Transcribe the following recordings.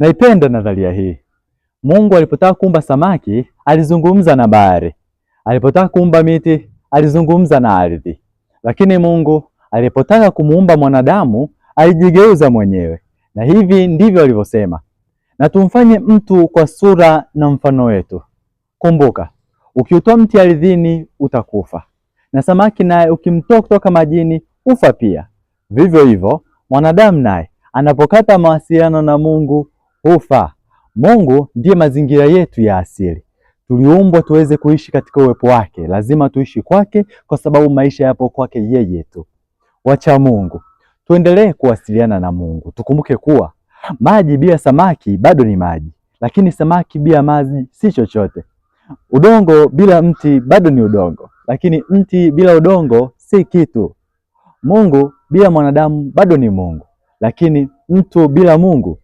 Naipenda nadharia hii. Mungu alipotaka kuumba samaki alizungumza na bahari, alipotaka kuumba miti alizungumza na ardhi, lakini Mungu alipotaka kumuumba mwanadamu alijigeuza mwenyewe, na hivi ndivyo alivyosema: na tumfanye mtu kwa sura na mfano wetu. Kumbuka, ukiutoa mti ardhini utakufa, na samaki naye ukimtoa kutoka majini ufa pia. Vivyo hivyo mwanadamu naye anapokata mawasiliano na Mungu hufa. Mungu ndiye mazingira yetu ya asili. Tuliumbwa tuweze kuishi katika uwepo wake, lazima tuishi kwake, kwa sababu maisha yapo kwake yeye tu. Wacha Mungu, tuendelee kuwasiliana na Mungu. Tukumbuke kuwa maji bila samaki bado ni maji, lakini samaki bila maji si chochote. Udongo bila mti bado ni udongo, lakini mti bila udongo si kitu. Mungu bila mwanadamu bado ni Mungu, lakini mtu bila Mungu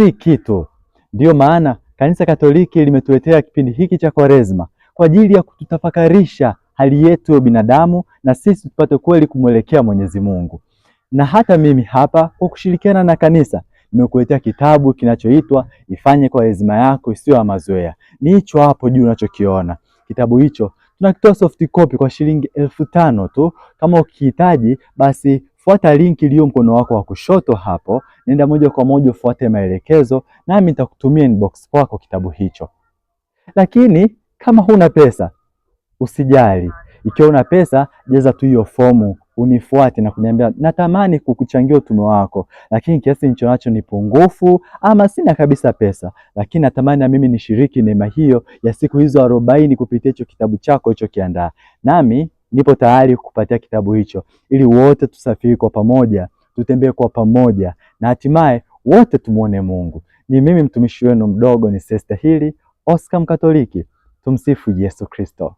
si kitu. Ndiyo maana kanisa Katoliki limetuletea kipindi hiki cha Kwaresma kwa ajili ya kututafakarisha hali yetu ya binadamu na sisi tupate kweli kumwelekea Mwenyezi Mungu. Na hata mimi hapa kwa kushirikiana na kanisa nimekuletea kitabu kinachoitwa Ifanye Kwaresma yako isiyo ya mazoea. Ni hicho hapo juu unachokiona. Kitabu hicho tunakitoa soft copy kwa shilingi elfu tano tu. Kama ukihitaji basi fuata link iliyo mkono wako wa kushoto hapo, nenda moja kwa moja ufuate maelekezo, nami nitakutumia inbox kwako kitabu hicho. Lakini kama huna pesa usijali, ikiwa una pesa jaza tu hiyo fomu unifuate na kuniambia natamani kukuchangia utume wako, lakini kiasi nicho nacho ni pungufu, ama sina kabisa pesa, lakini natamani na mimi nishiriki neema hiyo ya siku hizo arobaini kupitia hicho kitabu chako hicho kiandaa, nami nipo tayari kupatia kitabu hicho, ili wote tusafiri kwa pamoja, tutembee kwa pamoja, na hatimaye wote tumwone Mungu. Ni mimi mtumishi wenu mdogo, ni Sister Hili Oscar Mkatoliki. Tumsifu Yesu Kristo.